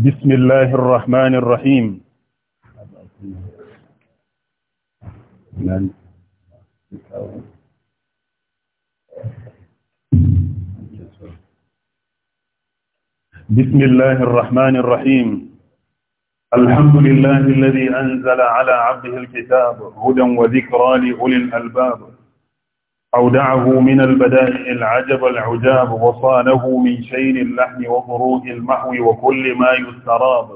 بسم الله الرحمن الرحيم بسم الله الرحمن الرحيم الحمد لله الذي أنزل على عبده الكتاب هدى وذكرى لأولي الألباب أودعه من البدائع العجب العجاب وصانه من شين اللحن وفروج المحو وكل ما يستراب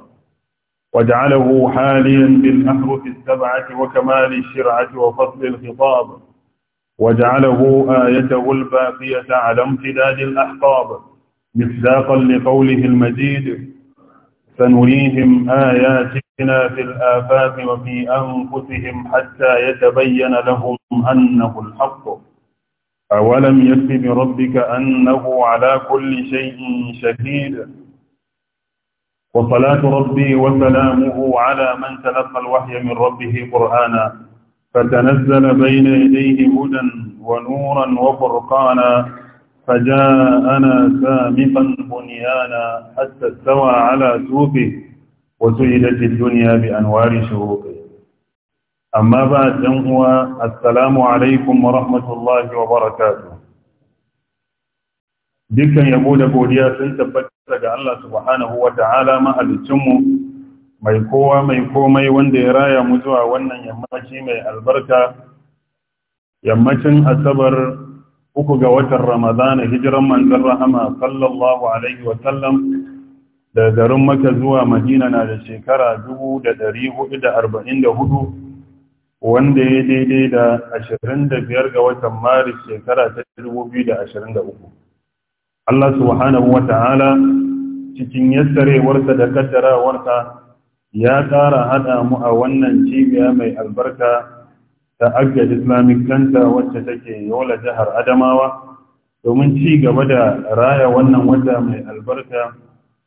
واجعله حاليا بالأحرف السبعة وكمال الشرعة وفصل الخطاب واجعله آيته الباقية على امتداد الأحقاب مصداقا لقوله المجيد سنريهم آياتنا في الآفاق وفي أنفسهم حتى يتبين لهم أنه الحق أولم يكف بربك أنه على كل شيء شهيد وصلاة ربي وسلامه على من تلقى الوحي من ربه قرآنا فتنزل بين يديه هدى ونورا وفرقانا فجاءنا سامقا بنيانا حتى استوى على سوقه وسيدت الدنيا بأنوار شروقه أما بعد هو السلام عليكم ورحمة الله وبركاته dukkan yabo da godiya sun tabbatar daga Allah subhanahu wa ta'ala mahalicinmu mai kowa mai komai wanda ya raya mu zuwa wannan yammaci mai albarka yammacin asabar uku ga watan ramadana hijiran manzon rahama sallallahu alaihi wa sallam da garin maka zuwa madina na da shekara dubu 1444 wanda ya daidai da 25 ga watan maris shekara ta 2023 Allah subhanahu wa ta'ala cikin yassarewarsa da kaddarawarsa ya ƙara haɗa mu a wannan cibiya mai albarka ta agad islamic kanta wacce take yola jihar adamawa domin ci gaba da raya wannan wata mai albarka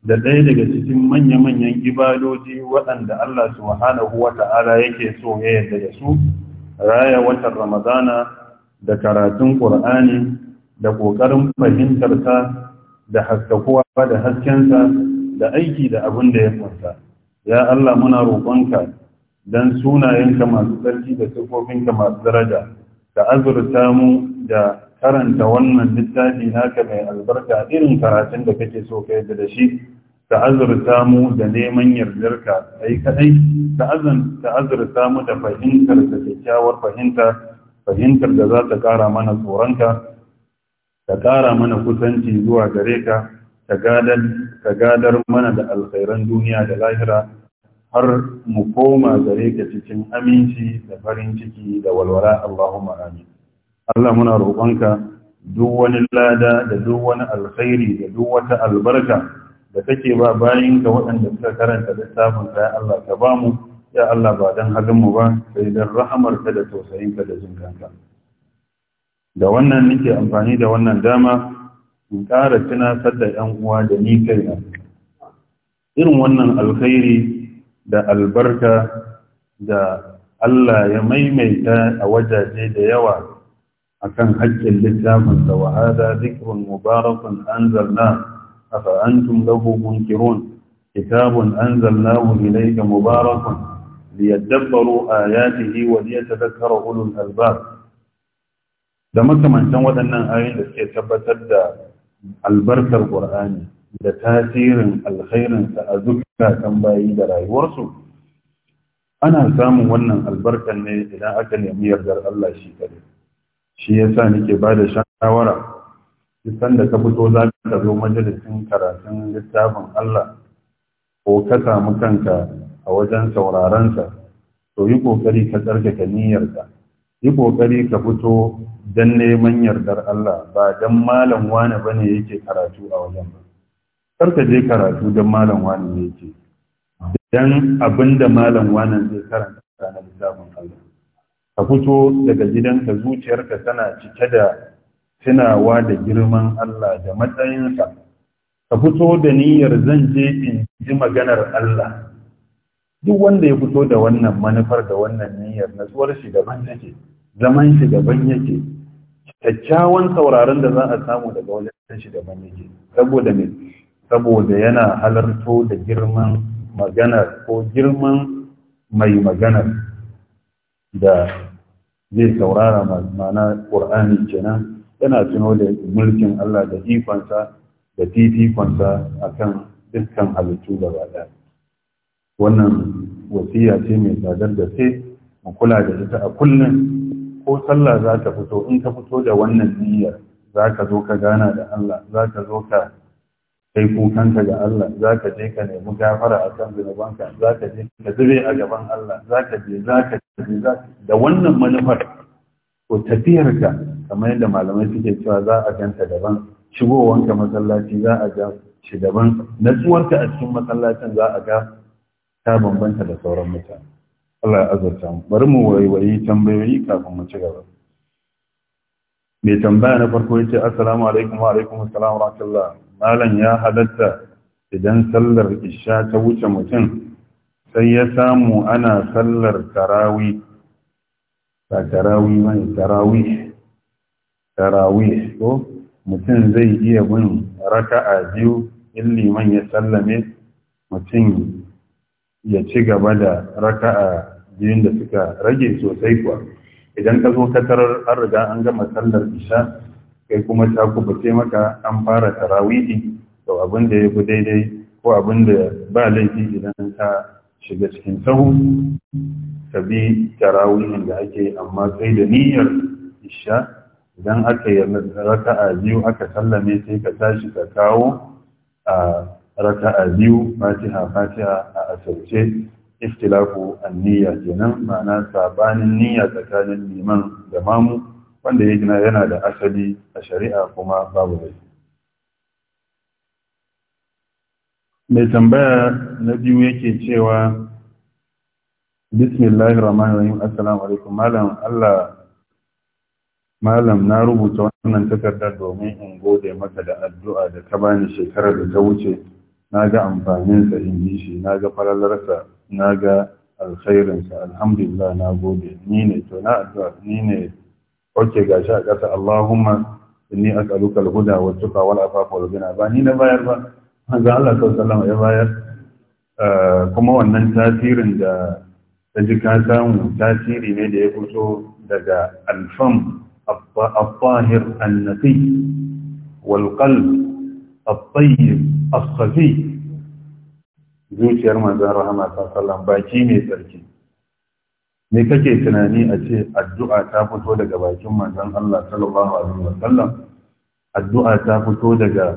da ɗaya daga cikin manya-manyan ibadoji waɗanda Allah subhanahu wa ta'ala yake so ya yarda da su raya watan ramadana da karatun ƙur'ani da ƙoƙarin fahimtarsa da haskakuwa da haskensa da aiki da abin da ya kunsa ya Allah muna roƙonka don sunayenka masu tsarki da sifofinka masu daraja ka azurta mu da karanta wannan littafi naka mai albarka irin karatun da kake so ka yadda da shi ta azurta mu da neman yardarka ai kadai ta azurta mu da fahimtar da kyakkyawar fahimta fahimtar da za ta kara mana tsoronka ta kara mana kusanci zuwa gare ka ka gadar mana da alkhairan duniya da lahira har mu koma gare ka cikin aminci da farin ciki da walwala Allahumma amin Allah muna roƙonka duk wani lada da duk wani alkhairi da duk wata albarka da kake ba ka waɗanda suka karanta littafin ka ya Allah ka ba mu ya Allah ba dan halin mu ba sai dan rahamarka da tausayinka da jinkanka da wannan nake amfani da wannan dama in ƙara tunatar da ƴan uwa da ni kaina irin wannan alkhairi da albarka da Allah ya maimaita a wajaje da yawa akan haƙƙin littafin da wa hada zikrun mubarakun anzalna afa antum lahu munkirun kitabun anzalnahu ga mubarakun liyadabbaru yi wa liyatadhakkara ulul albab da makamantan waɗannan ayoyin da suke tabbatar da albarkar ƙur'ani da tasirin alkhairinsa a zukatan bayi da rayuwarsu ana samun wannan albarkar ne idan aka nemi yardar Allah shi kadai shi ya sa nike ba da shawara dukkan da ka fito za ka zo majalisin karatun littafin Allah ko ka samu kanka a wajen saurarensa to yi kokari ka tsarkake niyyarka yi kokari ka fito don neman yardar Allah ba don malam wani bane yake karatu a wajen ba kar je karatu don malam wani yake don da malam wani zai karanta na littafin Allah ka fito daga gidanka zuciyarka tana cike da tunawa da girman Allah da matsayinsa ka fito da niyyar zan je in ji maganar Allah duk wanda ya fito da wannan manufar da wannan niyyar natsuwar shi daban yake zaman shi daban yake kyakkyawan sauraron da za a samu daga wajen shi daban yake saboda me saboda yana halarto da girman maganar ko girman mai maganar da zai saurara ma'ana ƙur'ani kenan yana tuno da mulkin Allah da ikonsa da fifikonsa a kan dukkan halittu da ɗaya wannan wasiya ce mai tsadar da sai mu kula da ita a kullum ko sallah za ta fito in ka fito da wannan niyyar za ka zo ka gana da Allah za ka zo ka kai kukanka ga Allah za ka je ka nemi gafara a kan zunubanka za ka je ka zube a gaban Allah za ka je za ka je za da wannan manufar ko tafiyarka kamar yadda malamai suke cewa za a ganta daban shigowanka masallaci za a ga shi daban natsuwarka a cikin masallacin za a ga ta bambanta da sauran mutane Allah ya azurta mu bari mu waiwayi tambayoyi kafin mu ci gaba mai tambaya na farko yace assalamu alaikum wa alaikum assalam wa rahmatullah malam ya halatta idan sallar isha ta wuce mutum sai ya samu ana sallar tarawi ta tarawi mai tarawi tarawi ko mutum zai iya bin raka'a biyu in liman ya sallame mutum ya ci gaba da raka'a biyun da suka rage sosai kuwa idan ka zo ka tarar an riga an gama sallar isha kai kuma ta kubuce maka an fara tarawihi to abin da ya daidai ko abin da ba laifi idan ta shiga cikin sahu ka bi tarawihin da ake amma sai da niyyar isha idan aka yi raka'a biyu aka sallame sai ka tashi ka kawo a raka'a biyu fatiha fatiha a asirce iftilafu an niyya kenan ma'ana sabanin niyya tsakanin liman da mamu wanda ya gina yana da asali a shari'a kuma babu zai mai tambaya na biyu yake cewa bismillahir rahmanir rahim assalamu alaikum malam Allah malam na rubuta wannan takardar domin in gode maka da addu'a da ta bani shekarar da ta wuce na ga amfaninsa in ji shi na ga falalarsa na ga alkhairinsa alhamdulillah na gode ni ne to na addu'a ni ne okay gashi a ƙasa Allahumma inni as'aluka al-huda wa tuqa wal afafa wal ghina ba ni na bayar ba manzo Allah sallallahu alaihi ya bayar eh, kuma wannan tasirin da ta ji ka samu tasiri ne da ya fito daga alfam الطاهر النقي والقلب الطيب الصفي zuciyar manzon rahama sallallahu alaihi wasallam baki mai tsarki me kake tunani a ce addu'a ta fito daga bakin manzon Allah sallallahu alaihi wasallam addu'a ta fito daga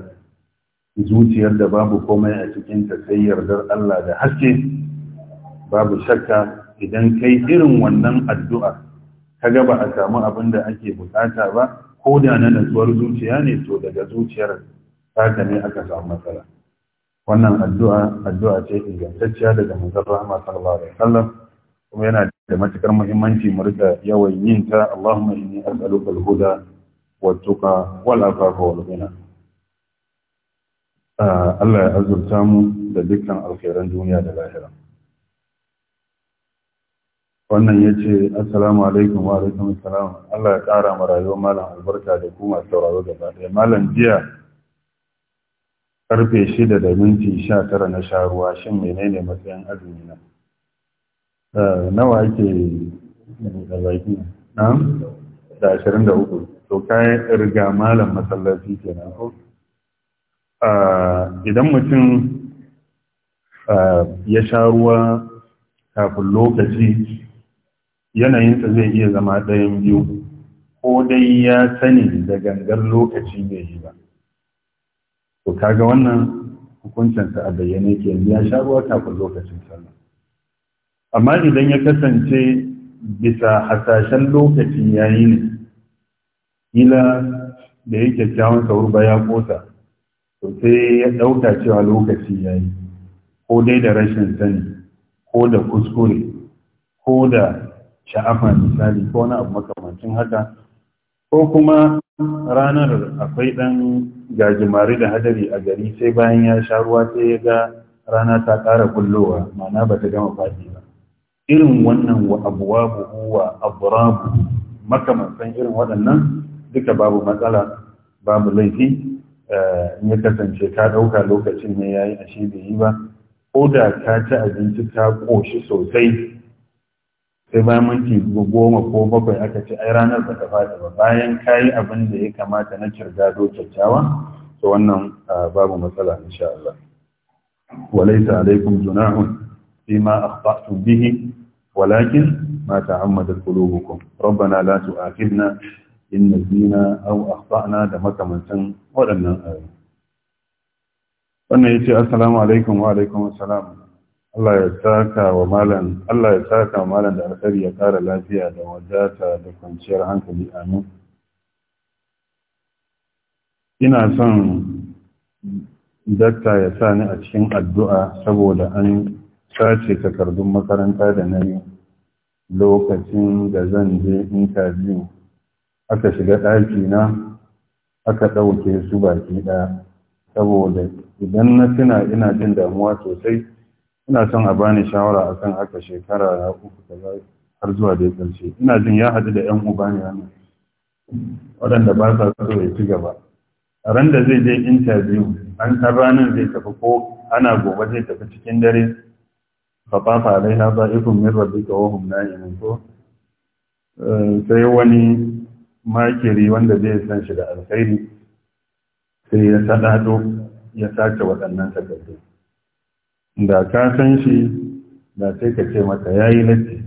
zuciyar da babu komai a cikin ta sai yardar Allah da haske babu shakka idan kai irin wannan addu'a kaga ba a samu abin da ake bukata ba ko da na natsuwar zuciya ne to daga zuciyar ta ne aka samu matsala wannan addu'a addu'a ce ingantacciya daga manzon Allah sallallahu alaihi wasallam kuma yana da matukar muhimmanci mu yawan yin ta Allahumma inni as'aluka al-huda wa tuqa wal afafa wal ghina ah, Allah ya azurta mu da dukkan alkhairan duniya da lahira wannan ya ce assalamu alaikum wa alaikum assalam Allah ya ƙara ma rayuwar malam albarka da kuma sauraro gaba ɗaya malam jiya karfe shida da minti sha tara na sha ruwa shin menene matsayin azumi na Eh, nawa ake yi na da ashirin da uku to kayan riga malam masallaci ke na ko eh, idan mutum eh, ya sha ruwa kafin lokaci yanayinsa zai iya zama ɗayan biyu ko dai ya sani da gangar lokaci bai yi ba to kaga wannan hukuncinsa a bayyane ke ya sha ruwa kafin lokacin sallah amma idan ya kasance bisa hasashen lokacin yayi ne ila da ya kyakkyawan ba ya kosa to sai ya ɗauka cewa lokaci yayi ko dai da rashin sani ko da kuskure ko da sha'afa misali ko na abu makamancin haka ko kuma ranar akwai ɗan gajimare da hadari a gari sai bayan ya sha ruwa sai ya ga rana ta ƙara kullowa mana ba ta gama fadi ba irin wannan wa abuwabuhu wa aburabu makamantan irin waɗannan duka babu matsala babu laifi eh, in ya kasance ka ɗauka lokacin ne yayi yi ashe bai yi ba ko da ka ci abinci ta ƙoshi sosai sai bayan minti goma ko bakwai aka ci. ai ranar ba ta faɗi ba bayan ka yi abin da ya kamata na kirgado kyakkyawa to wannan eh, babu matsala insha Allah walaisa alaikum junahun fima akhta'tum bihi ولكن ما تعمدت قلوبكم ربنا لا تؤاخذنا إن نسينا أو أخطأنا دمك من سن ولنا آية wannan ya ce assalamu alaikum wa alaikum assalam Allah ya saka wa malam Allah ya saka wa malam da alkhairi ya kara lafiya da wadata da kwanciyar hankali amin ina son dakta ya sa ni a cikin addu'a saboda an sace takardun makaranta da na yi lokacin da zan je interview aka shiga ɗaki na aka ɗauke su baki ɗaya saboda idan na tuna ina jin damuwa sosai ina son a bani shawara akan haka shekara na uku har zuwa da ƙarshe ina jin ya haɗu da 'yan uba ne wannan waɗanda ba sa so ya ci gaba a ran da zai je interview an ta ranar zai tafi ko ana gobe zai tafi cikin dare فطاف عليها ضائف من ربك وهم نائمون ko sai wani makiri wanda zai san shi da alkhairi sai ya sadado ya sace waɗannan takardu da ka san shi da sai ka ce maka yayi latti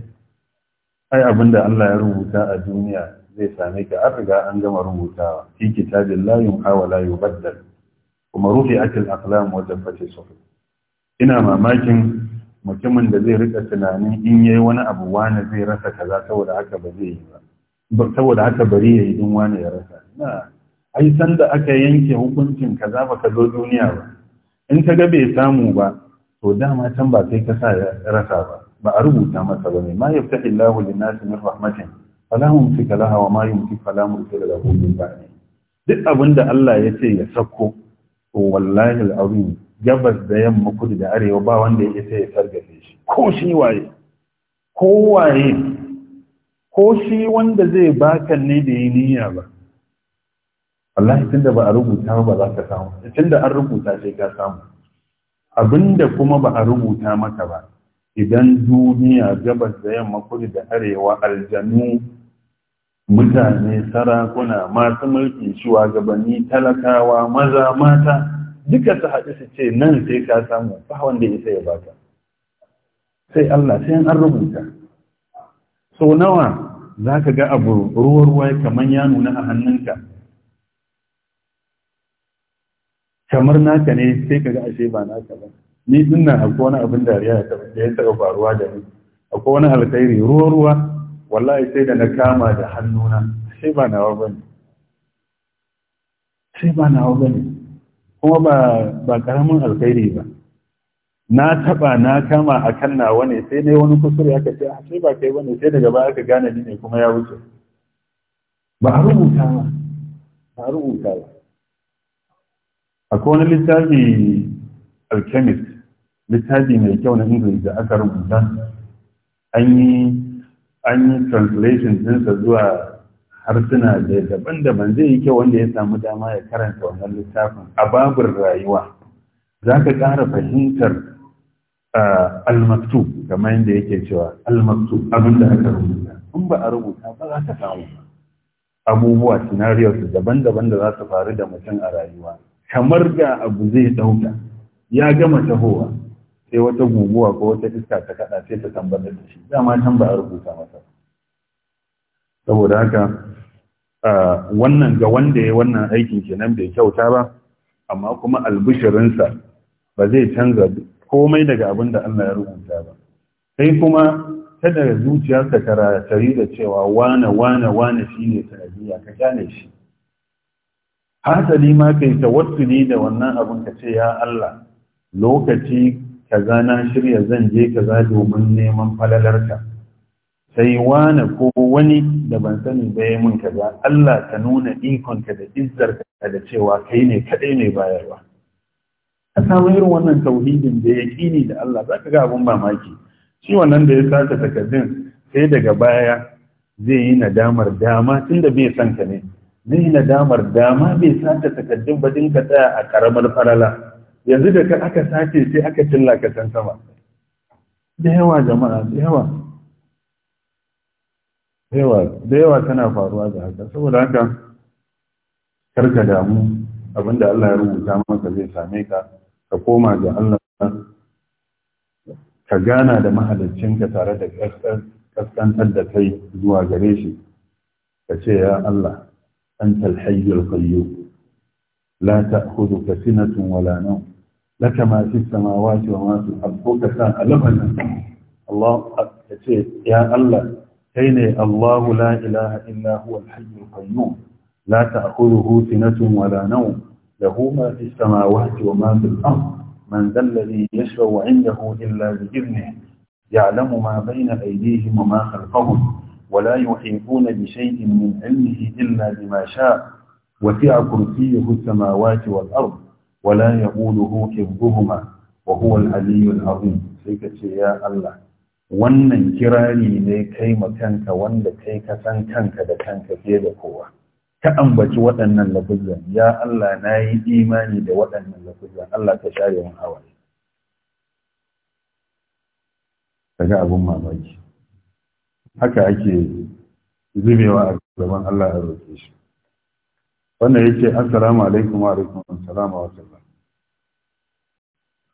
ai abinda Allah ya rubuta a duniya zai same ka an riga an gama rubutawa fi kitabin la yumha wa la yubaddal kuma rufi'atil aqlam wa jaffati suhuf ina mamakin mutumin da zai rika tunanin in yayi wani abu wani zai rasa kaza saboda haka ba zai yi ba saboda haka bari yayi din wani ya rasa na ai san da aka yanke hukuncin kaza ba ka zo duniya ba in ka ga bai samu ba to dama can ba sai ka sa ya rasa ba ba a rubuta masa ba ne ma yaftahi illahu lin-nasi min rahmatin fala fi kalaha wa ma yumsik fala mursila lahu min ba'di duk abinda Allah ya ce ya sako to wallahi al gabas da yamma kudu da arewa ba wanda ya sai ya sargafe shi ko shi waye ko waye ko shi wanda zai baka ne da yi niyya ba wallahi tunda ba a rubuta ba za ka samu tunda an rubuta sai ka samu abinda kuma ba a rubuta maka ba idan duniya gabas da yamma kudu da arewa aljanu mutane sarakuna masu mulki shugabanni talakawa maza mata duka su haɗu su ce nan sai ka samu ba wanda isa ya baka sai Allah sai an rubuta so nawa za ka ga abu ruwa ruwa kamar ya nuna a hannunka kamar naka ne sai ka ga ashe ba naka ba ni dinna akwai wani abin dariya da ya taɓa faruwa da ni akwai wani alkhairi ruwa ruwa wallahi sai da na kama da hannuna sai ba nawa bane sai ba nawa bane kuma ba ba karamin alkhairi ba na taba na kama akan nawa ne sai dai wani kusuri aka ce a sai ba kai bane sai daga baya aka gane ni ne kuma ya wuce ba a rubuta ba ba a rubuta ba akwai wani littafi alchemist littafi mai kyau na ingilis da aka rubuta an yi an yi translation dinsa zuwa harsuna da daban-daban zai yi kyau wanda ya samu dama ya karanta wannan littafin a rayuwa za ka ƙara fahimtar almaktu kamar yadda yake cewa almaktu abin da aka rubuta in ba a rubuta ba za ka samu abubuwa scenarios daban-daban da za su faru da mutum a rayuwa kamar ga abu zai ɗauka ya gama tahowa sai wata guguwa ko wata iska ta kaɗa sai ta tambar da shi dama can ba a rubuta masa ba saboda haka wannan ga wanda ya wannan aikin kenan bai kyauta ba amma kuma albishirinsa ba zai canza komai daga abin da Allah ya rubuta ba sai kuma kada zuciyarka karatari da cewa wane wane wane shi ne ka kyale shi hasali ma kai tawassuli da wannan abin ka ce ya Allah lokaci kaza na shirya zan je kaza domin neman falalarka sai wane ko wani da ban sani ba ya mun kaza Allah ta nuna ikonka da ka da cewa kai ne kadai mai bayarwa a samu irin wannan tauhidin da ni da Allah za ka ga abin mamaki shi wannan da ya saka takardun sai daga baya zai yi nadamar dama tunda bai san ka ne zai yi nadamar dama bai saka takardun ba ka tsaya a karamar farala yanzu da aka sace sai aka cilla ka san sama da yawa jama'a da yawa da yawa tana faruwa da haka saboda haka karka damu abinda Allah ya rubuta maka zai same ka ka koma ga Allah ka gana da mahaliccinka tare da kaskantar da kai zuwa gare shi ka ce ya Allah أنت الحي القيوم لا تأخذك سنة ولا نوم لك ما في السماوات وما في الأرض وكفاء لبنا الله ya Allah. أيني الله لا إله إلا هو الحي القيوم لا تأخذه سنة ولا نوم له ما في السماوات وما في الأرض من ذا الذي يشفع عنده إلا بإذنه يعلم ما بين أيديهم وما خلقهم ولا يحيطون بشيء من علمه إلا بما شاء وسع كرسيه السماوات والأرض ولا يقوله حفظهما وهو العلي العظيم سيكتشي يا الله wannan kirari ne kai kanka wanda kai ka san kanka da kanka fiye da kowa ka ambaci waɗannan lafuzan ya Allah na yi imani da waɗannan lafuzan Allah ka share mun hawaye daga abun mamaki haka ake zubewa a gaban Allah a roƙe shi wannan yake assalamu alaikum wa alaikum assalam wa sallam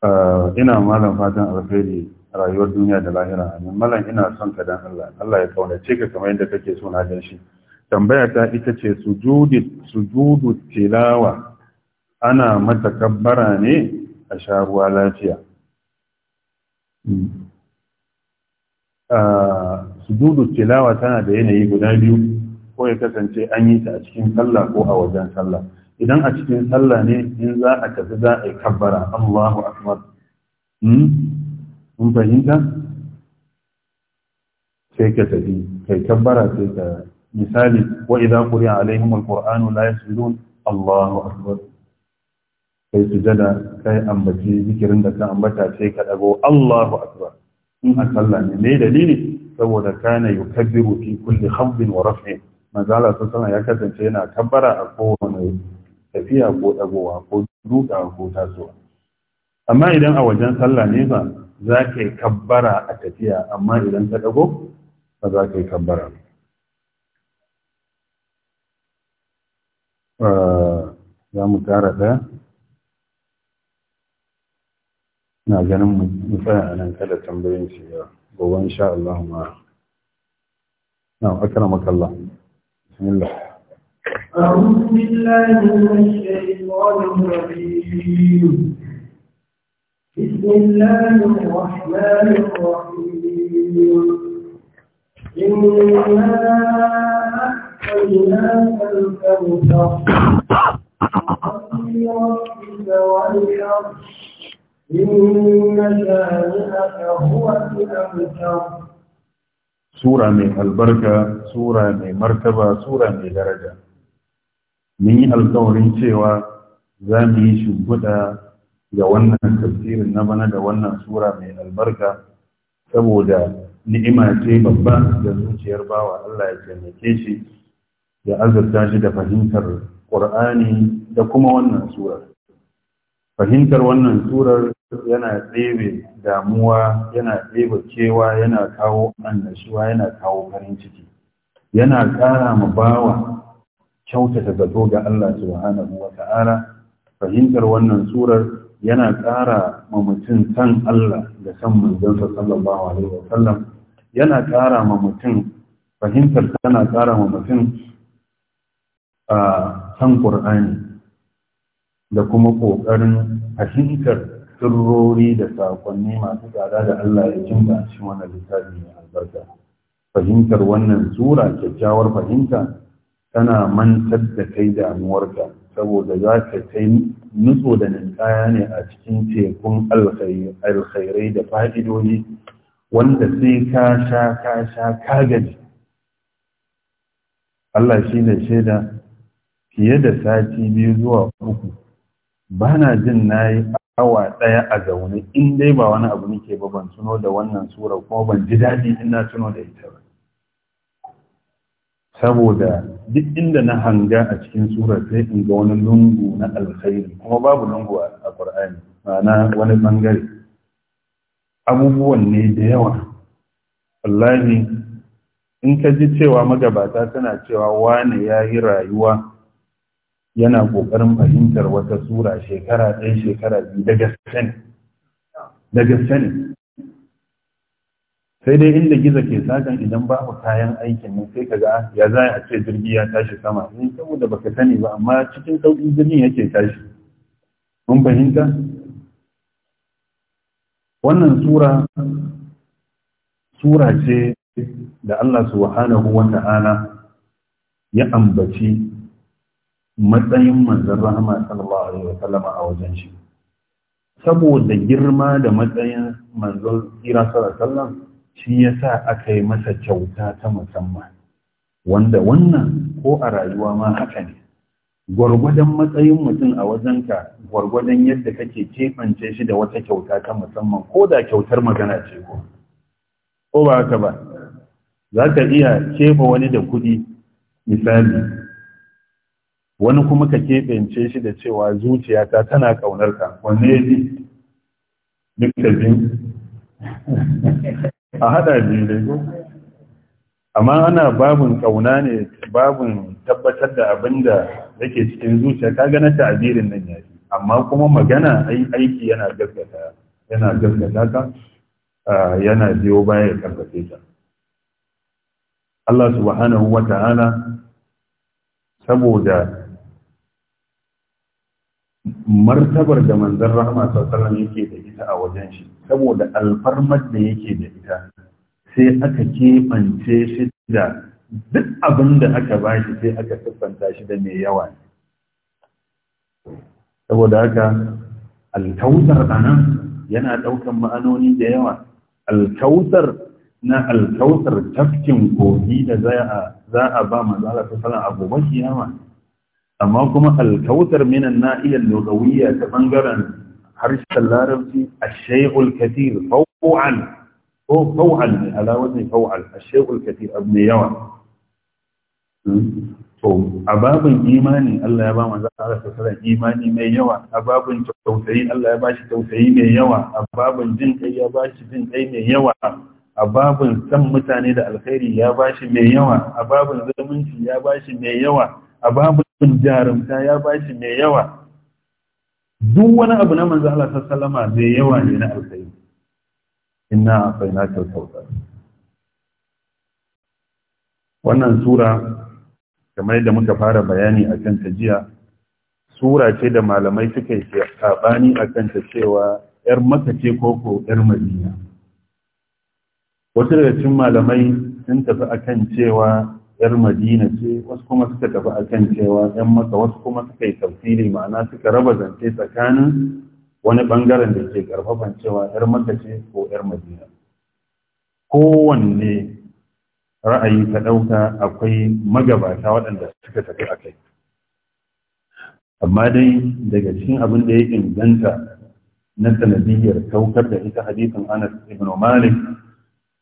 ah, ina malam fatan alkhairi rayuwar duniya da lahira amin malam ina son ka dan Allah Allah ya kaunace ka kamar yadda kake so na gan shi tambaya ta ita ce sujudi sujudu tilawa ana mata ne a sharuwa lafiya hmm. ah, sujudu tilawa tana da yanayi guda biyu ko ya kasance an yi ta a cikin sallah ko a wajen sallah idan a cikin sallah ne in za a tafi za a yi kabbara Allahu akbar hmm? Kun fahimta sai ka tafi kai kabbara sai ka misali wa idza quri'a alaihim alqur'anu la yasjudun Allahu akbar kai sujada kai ambaci zikirin da ka ambata sai ka dago Allahu akbar in a sallah ne "ne dalili saboda kana yukabbiru fi kulli khawdin wa raf'in manzala sana ya kasance yana kabbara a kowane tafiya ko dagowa ko duka ko tasowa amma idan a wajen sallah ne ba za ka yi kabbara a tafiya amma idan ta ɗago ba za ka yi kabbara uh, za mu tara ɗaya na ganin mu tsaya a nan kada tambayin shi ya gobe insha Allah ma na akrama kallah bismillah أعوذ بالله من الشيطان الرجيم بسم الله الرحمن الرحيم إنا أحييناك الكوثر وربك والحر إن شانئك هو الأبتر سورة من البركة سورة من مرتبة سورة من درجة من الدورين سوى ذا ga wannan tafsirin na bana da wannan sura mai albarka saboda ni'ima ce babba da zuciyar bawa Allah ya taimake shi ya azurta shi da fahimtar Qur'ani da kuma wannan surar fahimtar wannan surar yana tsebe damuwa yana tsebe cewa yana kawo annashuwa yana kawo farin ciki yana ƙara ma bawa kyautata zato ga Allah subhanahu wa ta'ala fahimtar wannan surar yana ƙara ma mutum san Allah da san manzansa sallallahu alaihi wasallam yana ƙara ma mutum fahimtar tana ƙara ma mutum a san ƙur'ani da kuma ƙoƙarin fahimtar sirrori da saƙonni masu tsada da Allah ya jinta shi wannan littafi mai albarka fahimtar wannan sura kyakkyawar fahimta tana mantar da kai damuwarka saboda za ka kai nutso da ninkaya ne a cikin tekun alkhairai da fa'idodi wanda sai ka sha ka sha ka gaji Allah shi da shaida fiye da sati biyu zuwa uku ba na jin na yi awa ɗaya a zaune in dai ba wani abu nake ba ban tuno da wannan sura kuma ban ji daɗi ina na da ita ba saboda duk inda na hanga a cikin sura sai in ga wani lungu na alkhairi kuma babu lungu a Qur'ani ma'ana wani ɓangare. abubuwan ne da yawa wallahi in ka ji cewa magabata tana cewa Wani ya yi rayuwa yana ƙoƙarin fahimtar wata sura shekara ɗaya shekara biyu daga sani sai dai inda gizo ke sakan idan babu kayan aikin nan sai kaga ah, ya za a ce jirgi ya tashi sama ne eh, saboda baka sani ba amma cikin sauƙin jirgin yake tashi mun fahimta wannan sura sura ce da Allah subhanahu wa ta'ala ya ambaci matsayin manzon rahama sallallahu alaihi wa sallama a wajen shi saboda girma da matsayin manzon kira sallallahu alaihi wa sallam shi ya sa aka yi masa kyauta ta musamman wanda wannan ko a rayuwa ma haka ne gwargwadon matsayin mutum a wajenka gwargwadon yadda kake keɓance shi da wata kyauta ta musamman ko da kyautar magana ce ko ko ba haka ba za ka iya keɓe wani da kuɗi misali wani kuma ka keɓance shi da cewa zuciyata tana ƙaunarka wanne ya duk da a haɗa biyu dai ko amma ana babin ƙauna ne babin tabbatar da abinda da yake cikin zuciya ka gana ta'abirin nan ya fi amma kuma magana aiki yana gaskata yana gaskata ka yana biyo baya ya karfafe ta Allah subhanahu wa ta'ala saboda martabar da manzon rahama sallallahu alaihi wasallam yake da ita a wajen shi saboda alfarmar da yake da ita sai aka keɓance shi da duk abin da aka ba shi sai aka siffanta shi da mai yawa saboda haka alkautar a nan yana ɗaukan ma'anoni da yawa alkautar na alkautar tafkin kogi da za a ba manzala ta salan abubuwan kiyama amma kuma alkautar minan iya lugawiyya ta bangaren harshen larabci a shaikul katir fau'an ko fau'an ne ala wajen fau'an a shaikul katir abu mai yawa hmm? to a babin imani Allah ya ba manzo Allah sallallahu alaihi imani mai yawa a babin tausayi Allah ya ba shi tausayi mai yawa a babin jin kai ya ba shi jin kai mai yawa a babin san mutane da alkhairi ya ba shi mai yawa a babin zumunci ya ba shi mai yawa a babin jarumta ya ba shi mai yawa duk wani abu na manzo Allah sallama mai yawa ne na alkhairi inna fainaka kautsar wannan sura kamar yadda muka fara bayani a kan jiya sura ce da malamai suka yi sabani a kan ta cewa yar maka ce koko yar madina wasu daga cin malamai sun tafi akan cewa 'yar madina ce wasu kuma suka tafi a kan cewa 'yan maka wasu kuma suka yi tafsiri ma'ana suka raba zance tsakanin wani bangaren da ke ƙarfafan cewa 'yar maka ce ko 'yar madina kowanne ra'ayi ta ɗauka akwai magabata waɗanda suka tafi a kai amma dai daga cikin abin da ya inganta na sanadiyyar saukar da ita hadisin anas ibn malik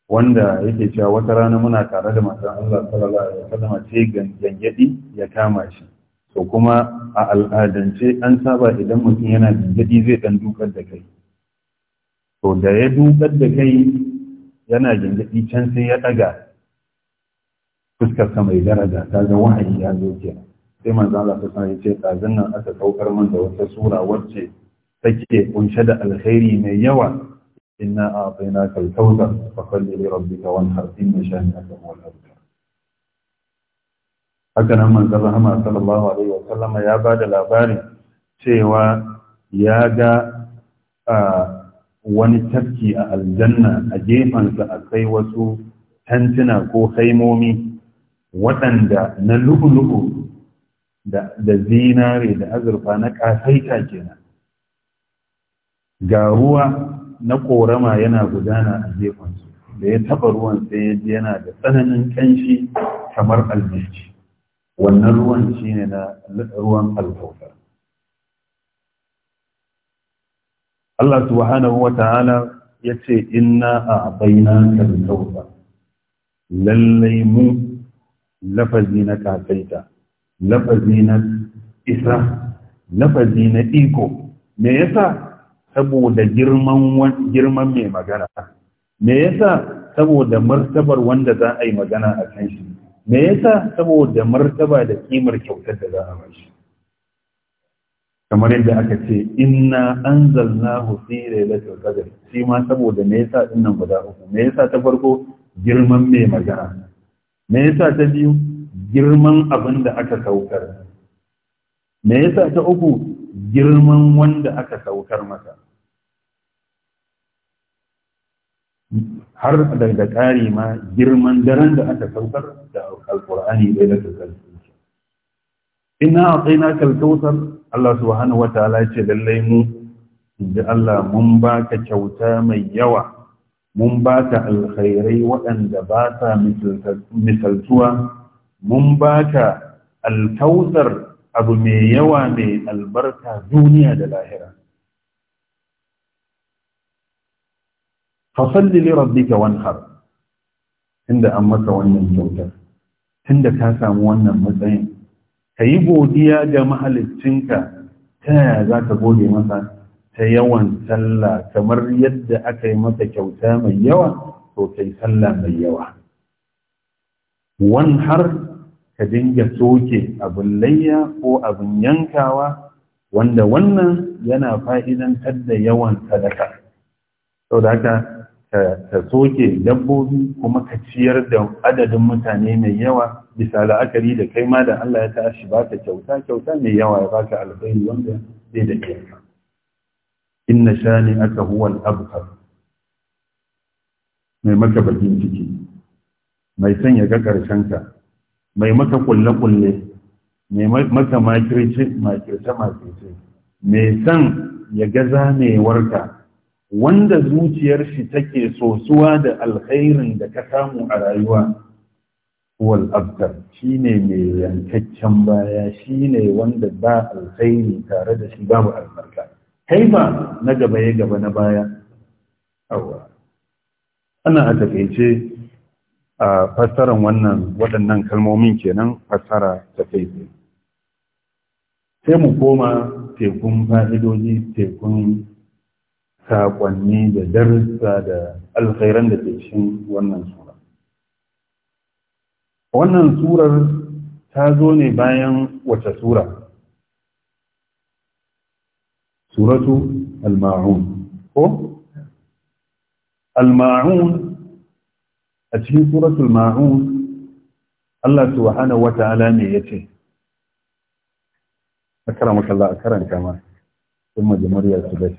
wanda yake cewa wata rana muna tare da matan Allah sallallahu alaihi wasallam ce ya kama shi to kuma a al'adance an saba idan mutum yana gangadi zai dan dukar da kai to da ya dukar da kai yana gangadi can sai ya daga fuskar mai daraja ga wahayi ya zo kenan sai manzon Allah sallallahu alaihi ya ce tsazin nan aka saukar man da wata sura wacce take kunshe da alkhairi mai yawa إنا أعطيناك الكوثر فصل لربك وانحر إن شانئك هو الأبتر من زرهما صلى الله عليه وسلم يا بعد الأباري cewa ya ga wani tafki a aljanna a a kai wasu tantuna ko haimomi waɗanda na lu'ulu'u da zinare da azurfa na ƙasaita kenan ga ruwa na korama yana gudana a gefensu da ya taba ruwan sai ya ji yana da tsananin kanshi kamar almishi wannan ruwan shine na ruwan alkautar Allah subhanahu wa ta'ala ya ce inna a baina kalkautar lallai mu lafazi na kasaita lafazi na isa lafazi na iko me yasa saboda girman girman mai magana me yasa saboda martabar wanda za a yi magana a kan shi me yasa saboda martaba da kimar kyautar da za a ba shi kamar yadda aka ce inna anzalnahu fi lailatul qadr shi ma saboda me yasa dinnan guda uku me yasa ta farko girman mai magana me yasa ta biyu girman abin da aka saukar me yasa ta uku girman wanda aka saukar mata, har daga ƙari ma girman daren da aka saukar da alƙur'ani ɗaya da saukar ina a tsina kalkautar Allah subhanahu wa ta'ala ce lallai mu inda Allah mun baka kyauta mai yawa mun baka alkhairai waɗanda ba sa misaltuwa mun baka alkautar abu mai yawa mai albarka duniya da lahira fasalli li rabbika wanhar tunda an masa wannan kyautar tunda ka samu wannan matsayin ka yi godiya ga mahaliccinka ta yaya za ka gode masa ta yawan sallah kamar yadda aka yi masa kyauta mai yawa to kai sallah mai yawa wanhar ka dinga soke abin layya ko abin yankawa wanda wannan yana fa'idantar da yawan sadaka sau da haka ka soke dabbobi kuma ka ciyar da adadin mutane mai yawa bisa la'akari da kai ma da Allah ya tashi baka kyauta kyauta mai yawa ya ba ka alfahari wanda zai da kyauta inna ne aka huwan abubuwan mai maka bakin ciki mai son ya ga karshen ka mai maka kulle-kulle mai maka makirce-makirce mai san ya ga zamewarka wanda zuciyar shi take sosuwa da alkhairin da ka samu a rayuwa wal abtar shine mai yankaccen baya shine wanda ba alkhairi tare da shi babu albarka kai ba na gaba ya gaba na baya awa ana a takaice fassarar wannan waɗannan kalmomin kenan fassara ta kai sai mu koma tekun fa'idoji tekun saƙonni da darussa da alkhairan da ke cikin wannan sura wannan surar ta zo ne bayan wata sura suratu al-ma'un ko al-ma'un أتهي سورة الماعون الله سبحانه وتعالى ميته أكرمك الله أكرم كما ثم جمهورية سبيسة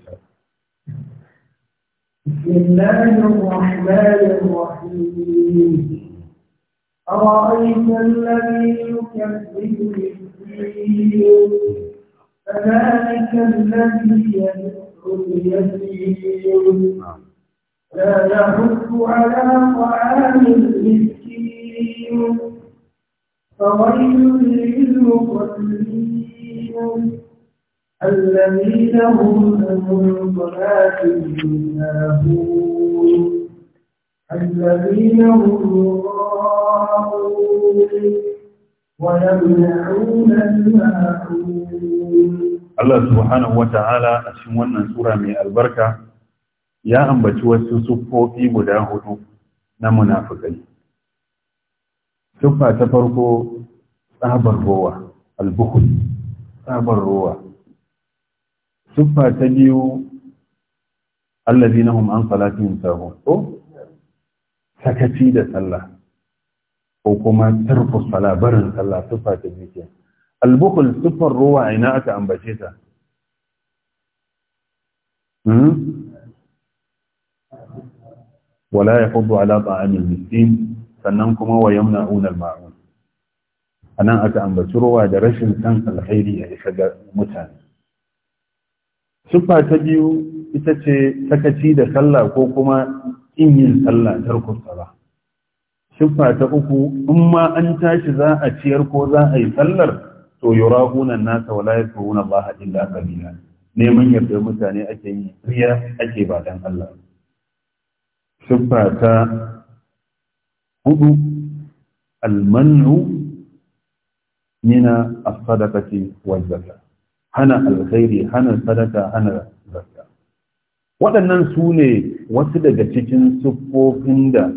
بسم الله الرحمن الرحيم أرأيت الذي يكذب بالدين فذلك الذي يدعو اليتيم لا يحب على طعام المسكين فويل للمصلين الذين هم عن صلاتهم ساهون الذين هم يراءون ويمنعون الماعون الله سبحانه وتعالى أشمونا سورة من البركة ya ambaci wasu sufofi guda hudu na munafikai Tufa ta farko tsabar rowa albukul, tsabar rowa Tufa ta biyu allazina hum an salatihim sahu, ko sakaci da sallah ko kuma tarku sala barin sallah tufa ta biyu Albukul tufar rowa ina aka ambace ta hmm? wala yahuddu ala ta'amil miskin sannan kuma wa yamna'una al-ma'un anan aka ambaci ruwa da rashin san alkhairi ya isa ga mutane siffa ta biyu ita ce sakaci da sallah ko kuma in yin sallah tarkon sallah siffa ta uku in ma an tashi za a ciyar ko za a yi sallar to yurahuna nasa wala yasruna Allah illa qalila neman yarda mutane ake yi riya ake ba dan Allah siffata ta hudu almanu nina a sadakati wazzata hana alkhairi hana sadaka hana zakka waɗannan su ne wasu daga cikin siffofin da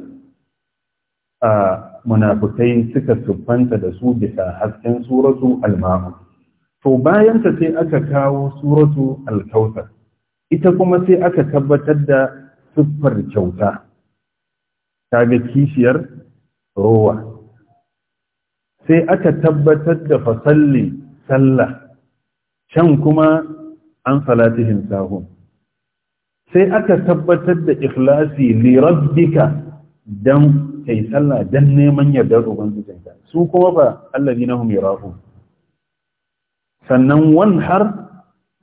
a munafukai suka siffanta da su bisa hasken suratu almama. to bayan ta sai aka kawo suratu al ita kuma sai aka tabbatar da siffar kyauta ta ga kishiyar rowa sai aka tabbatar da fasalli sallah can kuma an salatihin sahun sai aka tabbatar da ikhlasi lirabbika dan kai sallah dan neman yardar ubangijinka su kuma ba allazina hum yarahu sannan har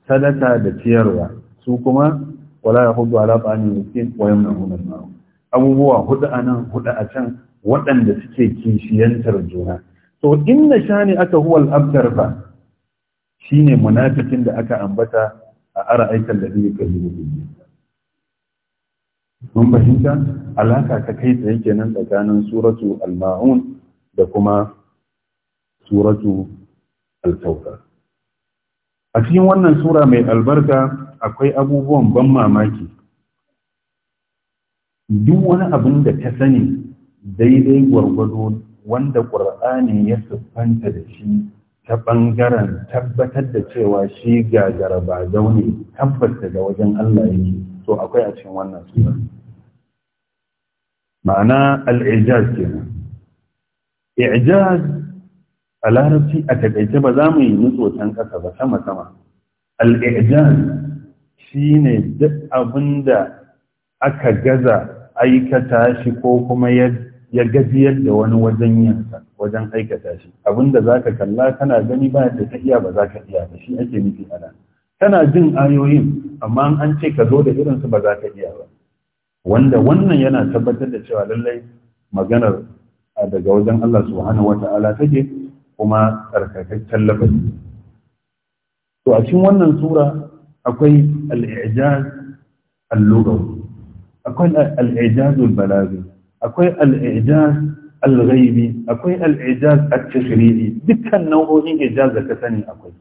sadaka da ciyarwa su kuma wala hudu ala ta'amin miskin wa al-ma'ruf abubuwa hudu anan hudu a can waɗanda suke kishiyantar juna to inna shani aka huwa al-abtar ba, shine munafikin da aka ambata a ara'aikan da zai kalli da mun fahimta alaka ta kai tsaye kenan tsakanin suratu al-ma'un da kuma suratu al-kawthar a cikin wannan sura mai albarka akwai abubuwan ban mamaki duk wani abin da ta sani daidai gwargwado wanda ƙur'ani ya siffanta da shi ta ɓangaren tabbatar da cewa shi ga jaraba zaune tabbas daga wajen Allah yake so, akwai a cikin wannan sura ma'ana al'ijaz kenan i'jaz a larabci a takaice ba za mu yi nutsotan ƙasa ba sama sama al'ijaz Shi ne duk abin da aka gaza aikata shi ko kuma ya gajiyar da wani wajen yansa wajen aikata shi abin da za ka kalla kana gani ba da ta iya ba za ka iya ba shi ake nufi ana kana jin ayoyin amma an ce ka zo da irinsu ba za ka iya ba wanda wannan yana tabbatar da cewa lallai maganar daga wajen Allah subhanahu wata'ala take kuma tsarkakakken labari to a cikin wannan sura akwai al'ijaz al akwai al'ijaz al akwai al'ijaz al’ghaibi akwai al'ijaz at-tashri'i dukkan nau'o'in ijaz da ka sani akwai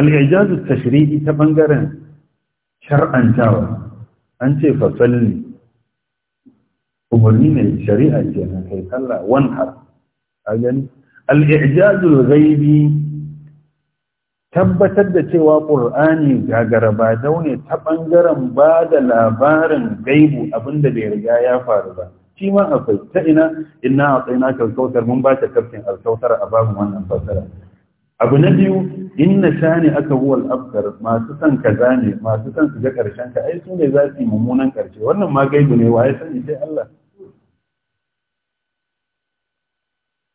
al'ijaz at-tashri'i ta bangaren shar'antawa an ce fa umarni ne shari'a ce na kai sallah wani har a gani al’ijaz al’ghaibi tabbatar da cewa ƙur'ani gagaraba daune ta ɓangaren ba da labarin gaibu abinda bai riga ya faru ba shi ma akwai ta ina ina a tsayina mun ba ta kafin alkautar a babu wannan fasara abu na biyu inna ne aka buwa al'abkar masu son kaza ne masu son su ga ƙarshen ka ai su ne za su yi mummunan ƙarshe wannan ma gaibu ne waye sani sai Allah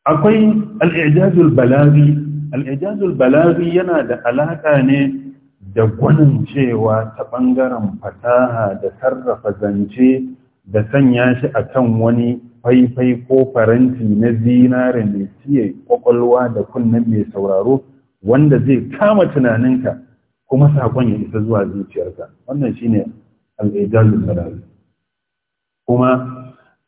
akwai al'ijazul balaghi al'ijazul balazi yana da alaƙa ne da gwanin cewa ta ɓangaren fasaha da sarrafa zance da sanya shi a kan wani faifai ko faranti na zinare mai ciye kwakwalwa da kunnen mai sauraro wanda zai kama tunaninka kuma saƙon ya isa zuwa zuciyarka wannan shi ne al'ijazul balazi kuma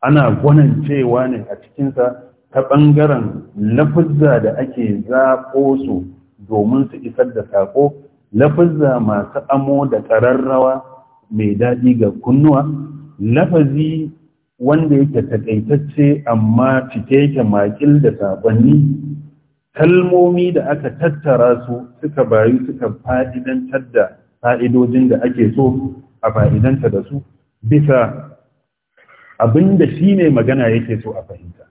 ana gwanin cewa ne a cikinsa ta ɓangaren lafizza da ake zaƙo su domin su isar da saƙo lafizza masu amo da ƙararrawa mai daɗi ga kunnuwa lafazi wanda yake taƙaitacce amma cike yake makil da saƙonni kalmomi da aka tattara su suka bayu suka fa'idantar da fa'idojin da ake so a fa'idanta da su bisa abinda shi ne magana yake so a fahimta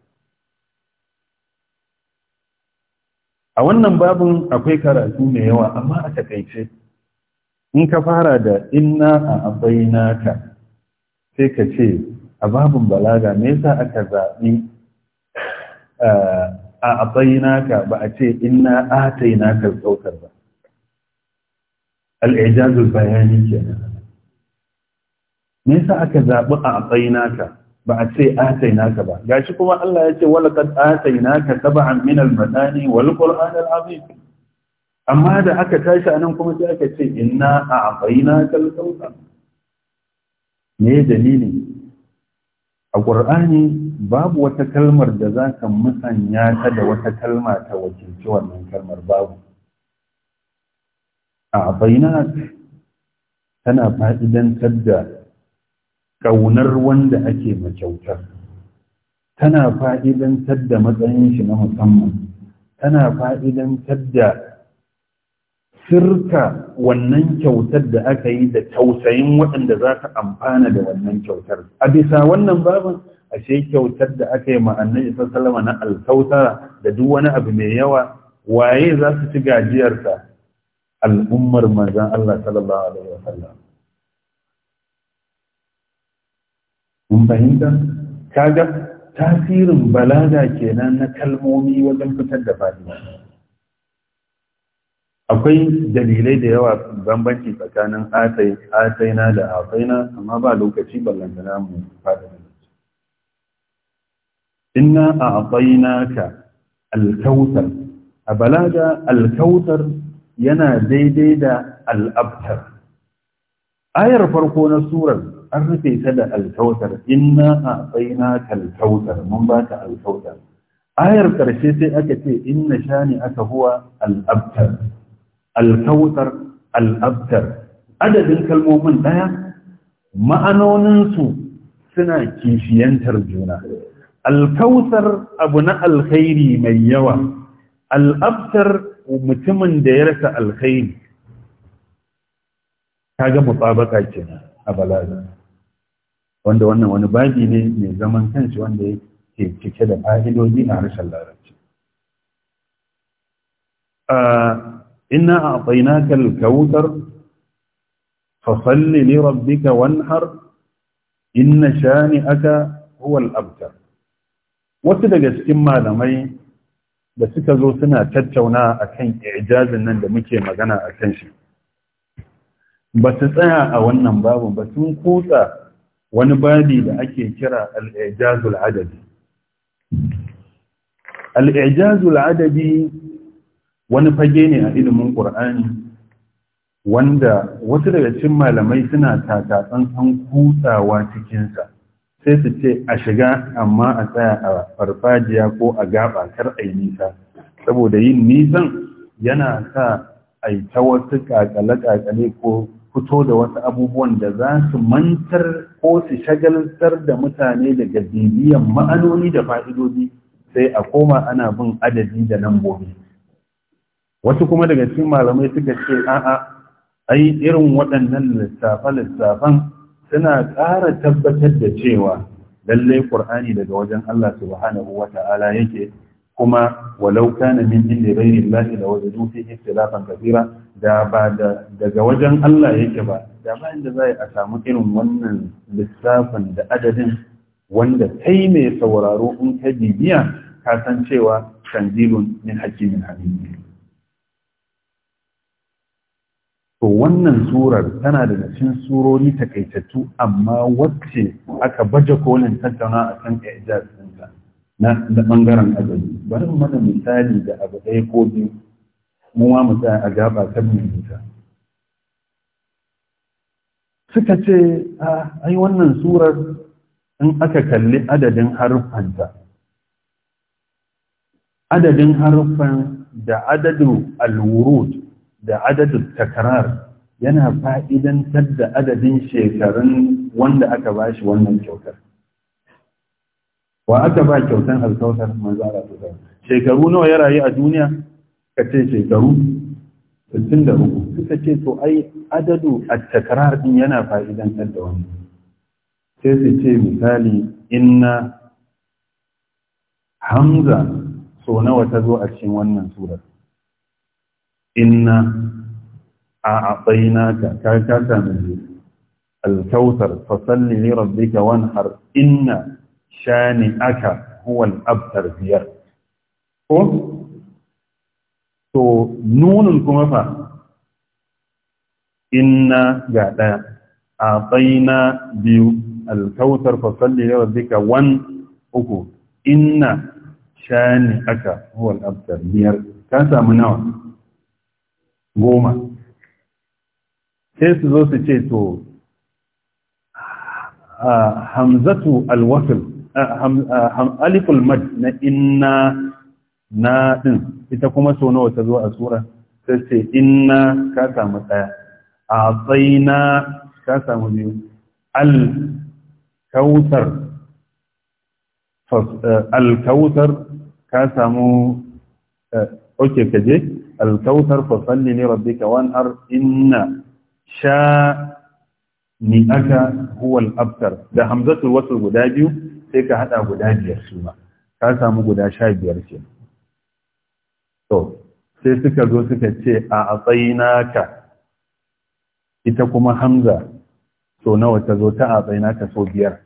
a wannan babin akwai karatu mai yawa amma a takaice in ka fara da inna a naka sai ka ce a babin balaga me yasa aka zaɓi a naka ba a ce inna naka tsaukar ba al'ijazul bayani kenan me yasa aka zaɓi a naka ba a ce ka ba gashi kuma Allah ya ce walaqad atainaka sab'an min al-matani wal qur'an al-azim amma da aka tashi anan kuma sai aka ce inna a'tainaka al-kawthar me dalili a qur'ani babu wata kalmar da zaka musanya ta da wata kalma ta wakilci wannan kalmar babu a'tainaka tana fa'idantar da ƙaunar wanda ake makyautar tana fa'idantar da matsayin shi na musamman tana fa'idantar da sirka wannan kyautar da aka yi da tausayin waɗanda za ka amfana da wannan kyautar a bisa wannan babin ashe kyautar da aka yi ma'annan isa salama na alkauta da duk wani abu mai yawa waye za su ci gajiyarsa al'ummar manzan Allah sallallahu alaihi wasallam kun fahimta kaga tasirin balaga kenan na kalmomi wajen fitar da fadiwa akwai dalilai da yawa bambanci tsakanin atai ataina da afaina amma ba lokaci ballantana mu fada inna a'tainaka ka, kautsar a balaga alkautar yana daidai da al'abtar. abtar ayar farko na surar an rufe ta da alkautar inna a tsaina kalkautar mun ba ka alkautar ayar ƙarshe sai aka ce inna ne aka huwa al'abtar alkautar al'abtar adadin kalmomin ɗaya ma'anoninsu suna kishiyantar juna alkautar abu na alkhairi mai yawa al'abtar mutumin da ya rasa alkhairi kaga mutsabaka kenan a balaga wanda wannan wani babi ne mai zaman kanshi wanda ke cike da fa'idodi a harshen larabci ina a tsainaka alkawutar fasalli li rabbika wanhar inna shani aka huwal abtar wasu daga cikin malamai da suka zo suna tattauna a kan ijazin nan da muke magana akan shi ba su tsaya a wannan babu ba sun kusa wani bani da ake kira al'ijazul adadi al'ijazul adadi wani fage ne a ilimin ƙur'ani wanda wasu daga cin malamai suna san kutsawa cikinsa sai su ce a shiga amma a tsaya a farfajiya ko a gaba kar a yi nisa saboda yin nisan yana sa a yi ta wasu kakale-kakale ko fito da wasu abubuwan da za su mantar ko su shagaltar da mutane daga bibiyan ma'anoni da fa'idodi sai a koma ana bin adadi da lambobi wasu kuma daga cikin malamai suka ce a'a ai irin waɗannan lissafe-lissafen suna ƙara tabbatar da cewa lallai ƙur'ani daga wajen Allah subhanahu wa ta'ala yake kuma walau kana min inda ghairi Allah la wajadu fihi ikhtilafan da ba daga wajen Allah yake ba da bayan da za a samu irin wannan lissafin da adadin wanda sai mai sauraro in ka bibiya ka san cewa tanzilun min hakimin hamidi to wannan surar tana da cikin surori takaitattu amma wacce aka baje kolin tattauna a kan ijaz na bangaren bangaren bari mu mana misali da abu ɗaya ko biyu Mun ma mu tsaya a gaba kan mu suka ce a ai wannan surar in aka kalli adadin haruffanta adadin haruffan da adadu alwurut da adadu takrar yana fa'idantar da adadin shekarun wanda aka ba shi wannan kyautar wa aka ba kyautar alkautar manzara shekaru nawa ya rayu a duniya ka ce shekaru 63 suka ce to ai adadu a takarar din yana fa'idantar da wani sai su ce misali inna hamza so nawa ta zo a cikin wannan surar inna a aɓainaka ka kasa mai alkautar fasalli ne rabbika wanhar inna shani aka huwal abtar biyar ko to nunun kuma fa inna ga ɗaya a tsayina biyu alkautar fasalli ya zika wan uku inna shani aka huwal abdar biyar ka samu nawa goma sai su zo su ce to hamzatu alwafil alifulmad na inna na din ita kuma so nawa ta zo a sura ta ce inna ka samu ɗaya a tsaina ka samu biyu al kautar eh, al kautar ka samu eh, oke kaje al kautar fasalli ne rabbi ka har inna sha ni aka huwal abtar da hamzatul wasu guda biyu sai ka hada guda biyar su ma ka samu guda sha biyar kenan to sai suka zo suka ce a ka ita kuma hamza so nawa ta zo ta ka so biyar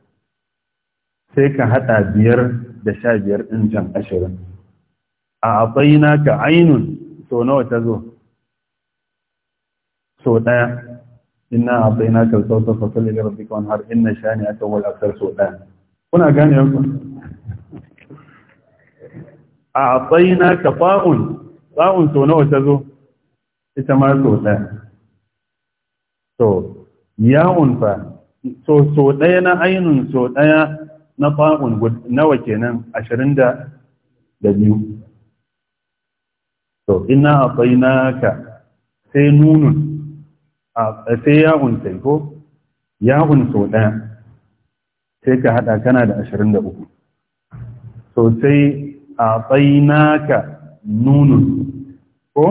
sai ka hada biyar da sha biyar din jan ashirin a ka ainun so nawa ta zo so daya inna atsayinaka sautar fasalin rabbika har ina sha ne aka wal aksar so daya kuna gane yanku a tsayina ka fa'un fa'un so nawa ta zo ita ma so ɗaya so ya'un fa so so ɗaya na ainun so ɗaya na fa'un nawa kenan ashirin da biyu so ina a tsayina ka sai nunun sai ya'un sai ko ya'un so ɗaya sai ka haɗa kana da ashirin da uku sosai a tsainaka nunun ko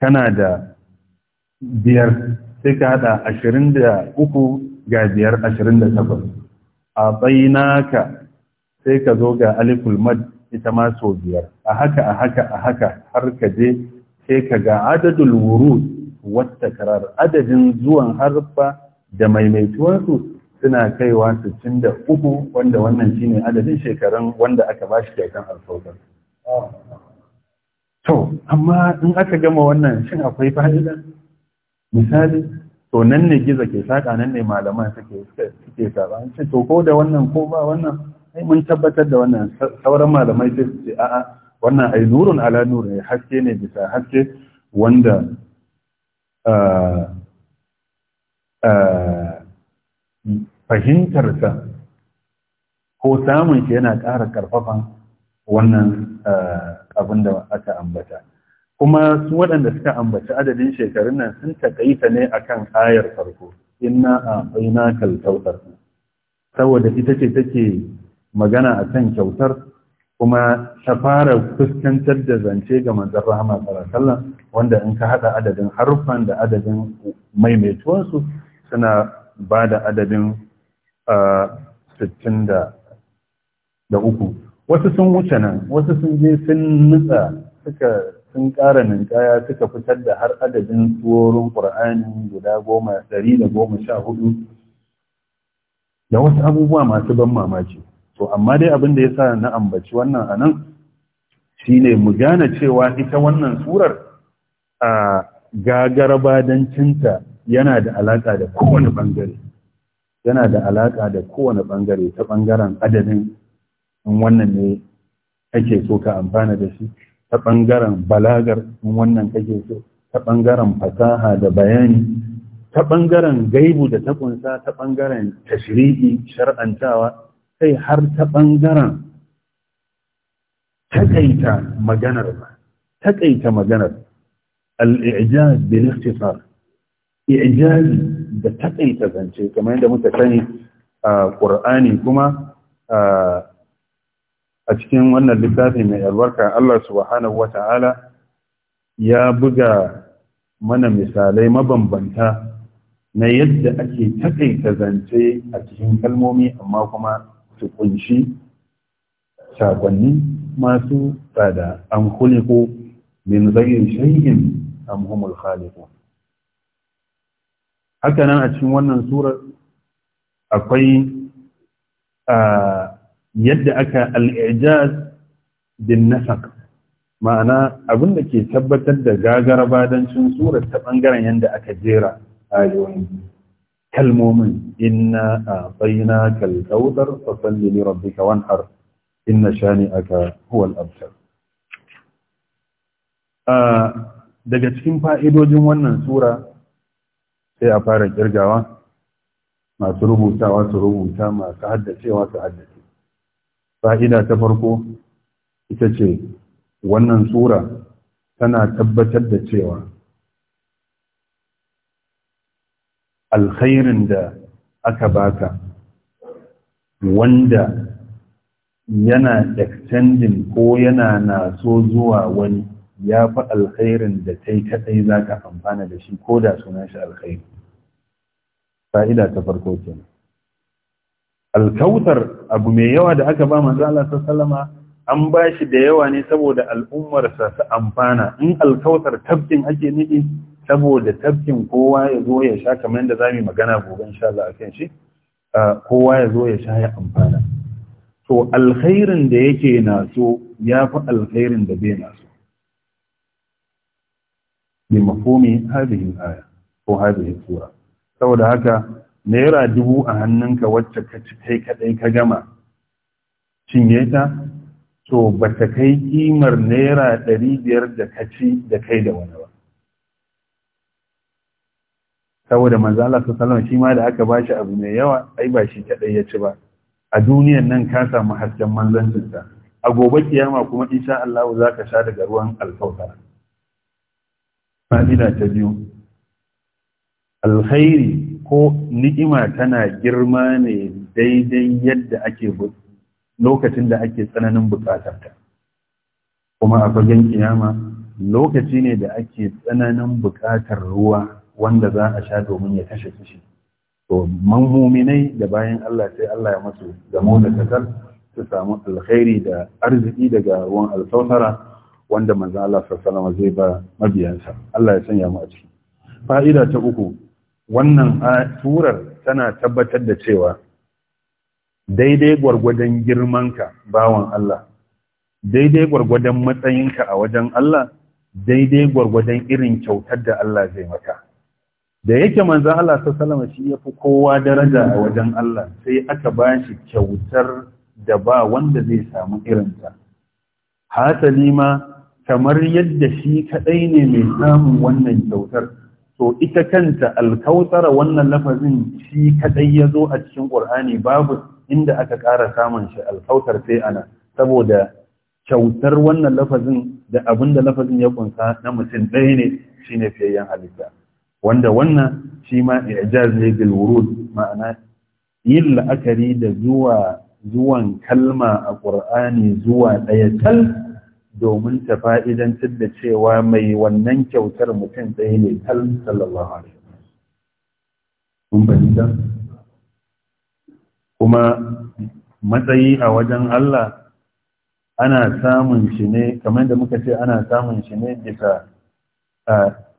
kana da biyar sai ka haɗa ashirin da uku ga biyar ashirin da takwas a sai ka zo ga aliful mad ita ma sau biyar a haka a haka a haka har ka je sai ka ga adadul wurud wata karar adadin zuwan harfa da maimaituwansu suna kaiwa 63 wanda wannan shi ne adadin shekarun wanda aka ba shi kyautan alfawar to amma in aka gama wannan shin akwai fahimta? misali to nan ne giza ke saƙa, nan ne malaman suke suke saba ce to ko da wannan ko ba wannan sai mun tabbatar da wannan sauran malamai sai su ce a'a wannan ai nurun ala nuru ne haske ne bisa haske wanda ah, ah, Fahimtar fahimtarsa ko samun shi yana ƙara ƙarfafan wannan eh, abin da aka ambata kuma su waɗanda suka ambaci adadin shekarun nan sun taƙaita ne akan ayar farko inna a baina kaltautar saboda ita ce take magana a kan kyautar kuma ta fara fuskantar da zance ga manzan rahama sallallahu wanda in ka haɗa adadin harfan da adadin maimaituwansu suna ba da adadin 63 wasu sun wuce nan wasu sun je sun nutsa suka sun ƙara ninkaya suka fitar da har adadin tsoron ƙur'ani guda goma da hudu da wasu abubuwa masu ban mamaki to amma dai abin da ya sa na ambaci wannan a nan shi ne mu gane cewa ita wannan surar a gagarabadancinta yana da alaƙa da kowane bangare. yana da alaƙa da kowane ɓangare ta ɓangaren adadin in wannan ne kake so ka amfana da shi ta ɓangaren balagar in wannan kake so ta ɓangaren fasaha da bayani ta ɓangaren gaibu da ta kunsa ta ɓangaren tashiriki shar'antawa sai har ta ɓangaren takaita maganar ba takaita maganar al-i'jaz bil ijazi da taƙaita zance kamar yadda muka sani a ƙur'ani kuma a cikin wannan littafi mai albarka Allah subhanahu wata'ala ya buga mana misalai mabambanta na yadda ake taƙaita zance a cikin kalmomi amma kuma su kunshi sakonni masu tsada an huliku min zagin shayin amhumul khaliku. haka nan a cikin wannan surar akwai yadda aka al'ijaz bin nasak ma'ana abin da ke tabbatar da gagara badancin surar ta ɓangaren yadda aka jera ayoyin kalmomin inna a tsayina kalkautar fasalli ne rabbi kawan har inna shani aka huwal abtar daga cikin fa'idojin wannan sura sai a fara kirgawa masu rubutawa su rubuta masu haddacewa su haddace fa'ida ta farko ita ce wannan sura tana tabbatar da cewa alkhairin da aka baka wanda yana extending ko yana na so zuwa wani ya fi alkhairin da ta yi kaɗai za ka amfana da shi ko da suna shi alkhairi fa'ida ta farko kenan alkautar abu mai yawa da aka ba manzo Allah salama an ba shi da yawa ne saboda al'ummarsa ta amfana in alkautar tafkin ake niɗi, saboda tafkin kowa ya zo ya sha kamar yadda za mu magana gobe insha Allah akan shi kowa ya zo ya sha ya amfana to alkhairin da yake na so ya fi alkhairin da bai na so bi mafhumi hadhihi aya ko hadhihi sura saboda haka naira dubu a hannunka wacce ka ci kai kadai ka gama cinye ta to ba ta kai kimar naira ɗari biyar da ka ci da kai da wani ba saboda manzo Allah sallallahu shi ma da aka ba shi, abu mai yawa ai ba shi kadai ya ci ba a duniyan nan ka samu hasken manzancinsa a gobe kiyama kuma insha Allahu za ka sha daga ruwan alkautar fa'ida ta biyu alkhairi ko ni'ima tana girma ne daidai yadda ake lokacin da ake tsananin ta. kuma a fagen kiyama lokaci ne da ake tsananin bukatar ruwa wanda za a sha domin ya kashe kishi to muminai da bayan Allah sai Allah ya masu da da kasar su samu alkhairi da arziki daga ruwan alkautara wanda manzo Allah sallallahu alaihi zai ba mabiyansa Allah ya sanya mu a ciki fa'ida ta uku wannan turar tana tabbatar da cewa daidai gwargwadon girmanka bawan Allah daidai gwargwadon matsayinka a wajen Allah daidai gwargwadon irin kyautar da Allah zai maka da yake manzo Allah ta salama shi ya fi kowa daraja a wajen Allah sai aka ba shi kyautar da ba wanda zai samu irinta hasali ma kamar yadda shi kadai ne mai samun wannan kyautar to ita kanta alkautsara wannan lafazin shi kadai ya zo a cikin ƙur'ani babu inda aka ƙara samun shi alkautar sai ana saboda kyautar wannan lafazin da abin da lafazin ya kunsa na mutum ɗaya ne shi ne fiyayyen halitta wanda wannan shi ma ijaz ne bil wurud ma'ana yin la'akari da zuwa zuwan kalma a ƙur'ani zuwa ɗaya tal domin ta fa'idantar da cewa mai wannan kyautar mutum tsaye ne sallallahu alaihi kun fahimta kuma matsayi a wajen Allah ana samun shi ne kamar da muka ce ana samun shi ne bisa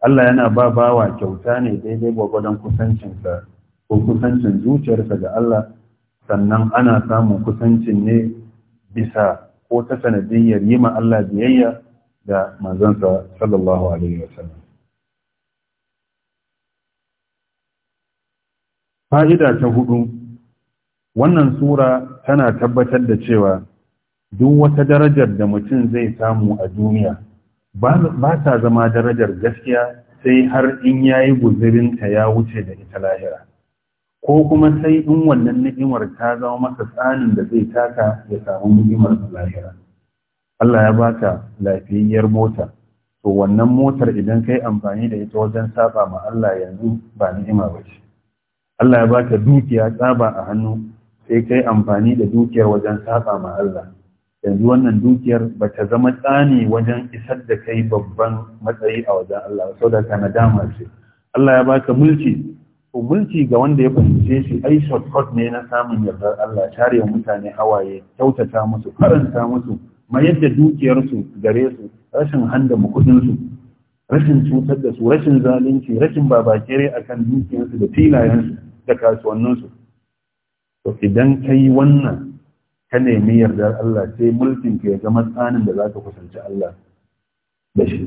Allah yana ba bawa kyauta ne daidai gwagwadon kusancinsa ko kusancin zuciyarsa ga Allah sannan ana samun kusancin ne bisa ko ta sanadiyyar yi ma Allah biyayya da manzansa sallallahu alaihi wasallam fa'ida ta hudu wannan sura tana tabbatar da cewa duk wata darajar da mutum zai samu a duniya ba ta zama darajar gaskiya sai har in yayi guzurinta ya wuce da ita lahira ko kuma sai in wannan ni'imar ta zama masa tsanin da zai taka ya samu ni'imar lahira Allah ya baka lafiyayyar mota to wannan motar idan kai amfani da ita wajen saba ma Allah yanzu ba ni'ima ba ce Allah ya baka dukiya tsaba a hannu sai kai amfani da dukiyar wajen saba ma Allah yanzu wannan dukiyar ba ta zama tsani wajen isar da kai babban matsayi a wajen Allah sau da ka nadama ce Allah ya baka mulki to mulki ga wanda ya fahimce shi ai shortcut ne na samun yardar Allah share mutane hawaye kyautata musu karanta musu mayar da dukiyarsu gare su rashin handa kuɗinsu rashin cutar da su rashin zalunci rashin babakere akan dukiyarsu da filayensu da kasuwanninsu to idan ka yi wannan ka nemi yardar Allah sai mulkin ka ya zama tsanin da za ka kusanci Allah da shi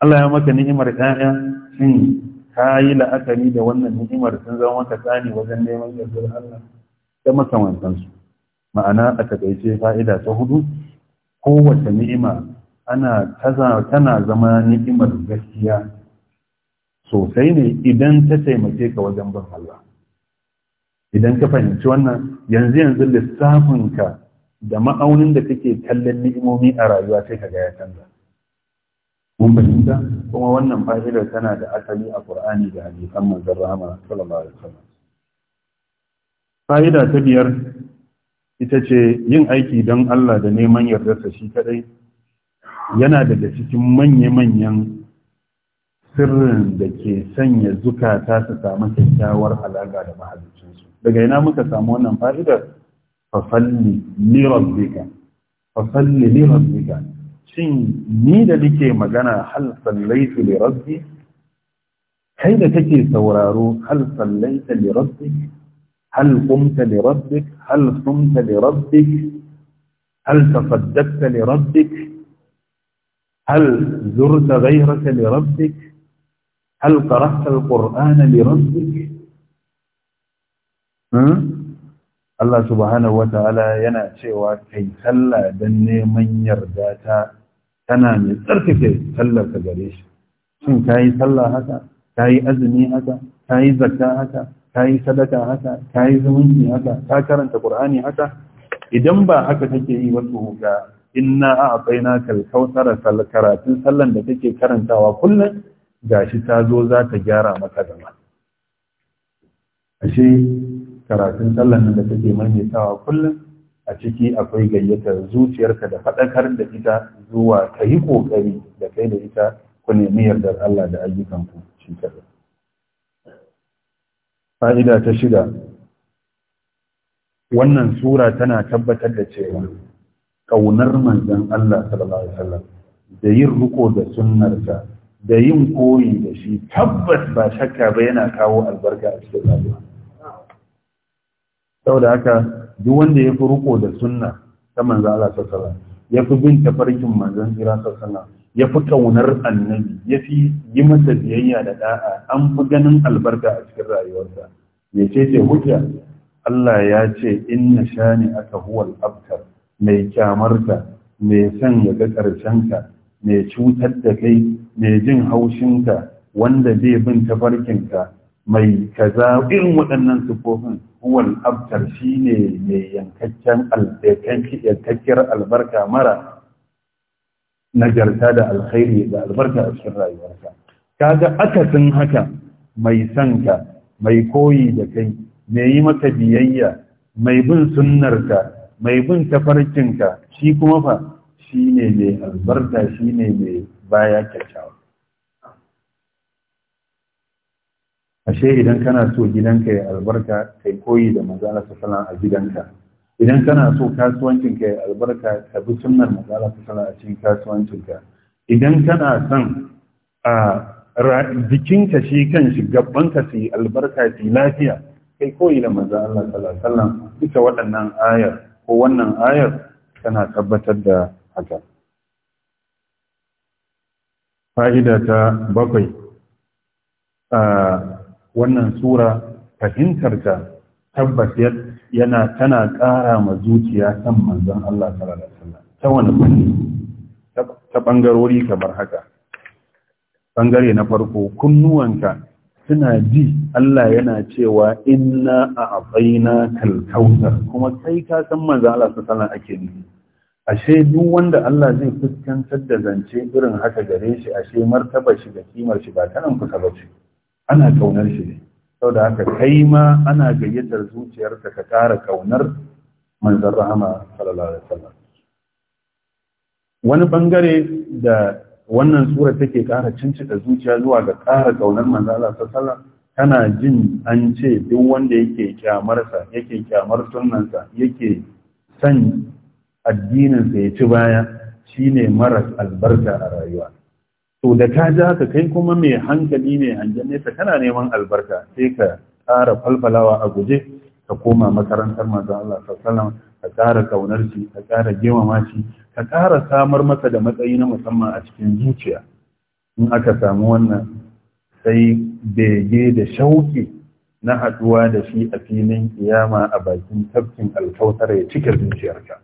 Allah ya maka ni'imar ɗaya shi ka yi la'akari da wannan ni'imar sun zama maka tsani wajen neman yardar Allah da makamantansu ma'ana a takaice fa'ida ta hudu kowace ni'ima ana tana zama ni'imar gaskiya sosai ne idan ta taimake ka wajen bin Allah idan ka fahimci wannan yanzu yanzu lissafinka da ma'aunin da kake kallon ni'imomi a rayuwa sai ka ga ya canza mun fahimta kuma wannan fa'idar tana da asali a Qur'ani da hadisan manzon rahama sallallahu alaihi wasallam fa'ida ta biyar ita ce yin aiki don Allah da neman yardarsa shi kadai yana daga cikin manya-manyan sirrin da ke sanya zukata su samu kyakkyawar alaƙa da mahalicinsu daga ina muka samu wannan fa'idar fasalli falli fasalli shin ni da nike magana hal sallaitu li rabbi kai da kake sauraro hal sallaita li rabbik hal qumta li rabbik hal sumta li rabbik هل تصدقت لربك هل زرت غيرك لربك هل قرأت القرآن لربك الله سبحانه وتعالى ينا cewa kai sallah dan neman yarda ta kana mai tsarkake sallar ka gare shi shin ka yi sallah haka ka yi azumi haka ka yi zakka haka ka yi sadaka haka ka yi zumunci haka ka karanta qur'ani haka idan ba haka take yi wato ga inna a'tayna kal kautsara karatun sallan da take karantawa kullum gashi ta zo za ta gyara maka ma ashe karatun sallan da kake maimaitawa kullun a ciki akwai gayyatar zuciyarka da faɗakar da ita zuwa ka yi ƙoƙari da kai da ita ku nemi yardar Allah da ayyukanku shi kada. Fa'ida ta shida, wannan Sura tana tabbatar da cewa ƙaunar manzan Allah sallallahu Alaihi wasallam da yin riko da sunnarsa da yin koyi da shi tabbas ba shakka ba yana kawo albarka a cikin rayuwa. Sau da haka duk wanda ya fi riko da sunna ta manzo Allah sallallahu ya fi bin tafarkin manzon jira sallallahu ya fi kaunar annabi ya fi yi masa biyayya da da'a an fi ganin albarka a cikin rayuwarsa ya ce ce hujja Allah ya ce inna shani aka huwal abtar mai kyamarta, mai san ya ga ƙarshenka mai cutar da kai mai jin haushinka wanda zai bin tafarkinka mai kaza irin waɗannan sufofin huwal abtar shi ne mai yankakkiyar albarka mara nagarta da alkhairi da albarka a cikin rayuwarka kaga akasin haka mai sanka mai koyi da kai mai yi maka biyayya mai bin sunnarka mai bin tafarkinka shi kuma fa shi ne mai albarka shi ne mai baya kyakkyawa ashe idan kana so gidanka ya albarka kai koyi da manzo Allah sallallahu a gidanka idan kana so kasuwancin ka ya albarka ka bi sunnar manzo Allah sallallahu a cikin kasuwancin ka idan kana son a jikinka shi kan shi gabanka su yi albarka su lafiya kai koyi da manzo Allah sallallahu alaihi wasallam duka waɗannan ayar ko wannan ayar tana tabbatar da haka fa'ida ta bakwai wannan sura fahimtarta tabbas yana tana ƙara ma zuciya san manzon Allah sallallahu alaihi wasallam ta wani fanni ta bangarori kamar haka bangare na farko kunnuwanka suna ji Allah yana cewa inna a kal kalkautar kuma sai ka san manzon Allah sallallahu alaihi ake nufi ashe duk wanda Allah zai fuskantar da zance irin haka gare shi ashe martaba shi da kimar shi ba ta nan kusa ba ce ana kaunar shi ne saboda haka kai ma ana gayyatar zuciyarka ka ƙara kaunar manzon rahama sallallahu wani ɓangare da wannan sura take ƙara cincita zuciya zuwa ga ƙara kaunar manzon Allah sallallahu alaihi kana jin an ce duk wanda yake kyamarsa yake kyamar sa, yake san addininsa ya ci baya shine maras albarka a rayuwa to da ka ja ka kai kuma mai hankali mai hangen nesa kana neman albarka sai ka ƙara falfalawa a guje ka koma makarantar manzon Allah sallallahu ka ƙara kaunar shi ka ƙara girmama shi ka ƙara samar masa da matsayi na musamman a cikin zuciya in aka samu wannan sai bege da shauki na haɗuwa da shi a filin kiyama a bakin tafkin alkautar ya cika zuciyarka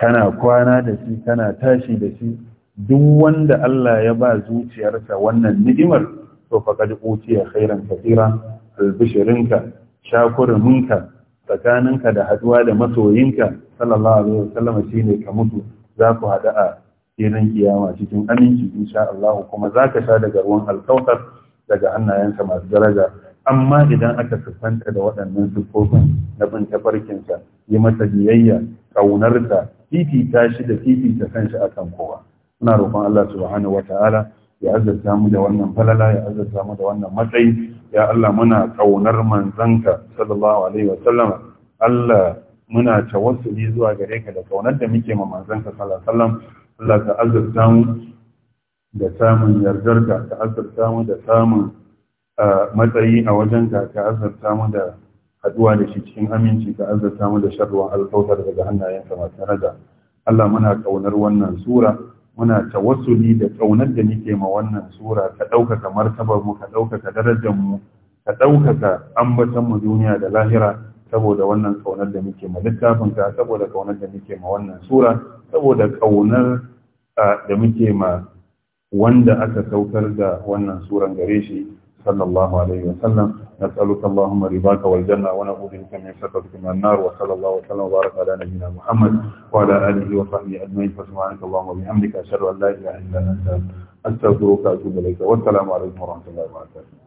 kana kwana da shi kana tashi da shi duk wanda Allah ya ba zuciyarsa wannan ni'imar to faqad utiya khairan katira albishirinka shakurinka tsakaninka da haduwa da masoyinka sallallahu alaihi wasallam shine ka mutu za ku hada a filin kiyama cikin aminci insha Allah kuma za ka sha daga ruwan alkautar daga hannayensa masu daraja amma idan aka sufanta da waɗannan siffofin na bin tafarkinsa yi masa biyayya ƙaunarsa fifita shi da fifita kanshi akan kowa muna roƙon Allah subhanahu wataala ya azurta mu da wannan falala ya azurta mu da wannan matsayi ya Allah muna kaunar manzanka sallallahu alaihi wa sallam Allah muna tawassuli zuwa gare ka da ƙaunar da muke ma manzanka sallallahu alaihi wa sallam Allah ka azurta mu da samun yardar ka Ka azurta mu da samun matsayi a wajen ka Ka azurta mu da haduwa da shi cikin aminci ka azurta mu da sharruwan alkautar daga hannayenka masu daraja Allah muna ƙaunar wannan sura muna tawassuli da kaunar da muke ma wannan sura ka ɗaukaka martabar mu ka ɗaukaka darajar mu ka ɗaukaka ambatan mu duniya da lahira saboda wannan kaunar da muke ma littafin ka saboda kaunar da muke ma wannan sura saboda kaunar da muke ma wanda aka saukar da wannan suran gare shi صلى الله عليه وسلم نسألك اللهم رضاك والجنة ونعوذ بك من شقتك من النار وصلى الله وسلم وبارك على نبينا محمد وعلى آله وصحبه أجمعين فسبحانك اللهم وبحمدك أشهد أن لا إله إلا أنت أستغفرك وأتوب إليك والسلام عليكم ورحمة الله وبركاته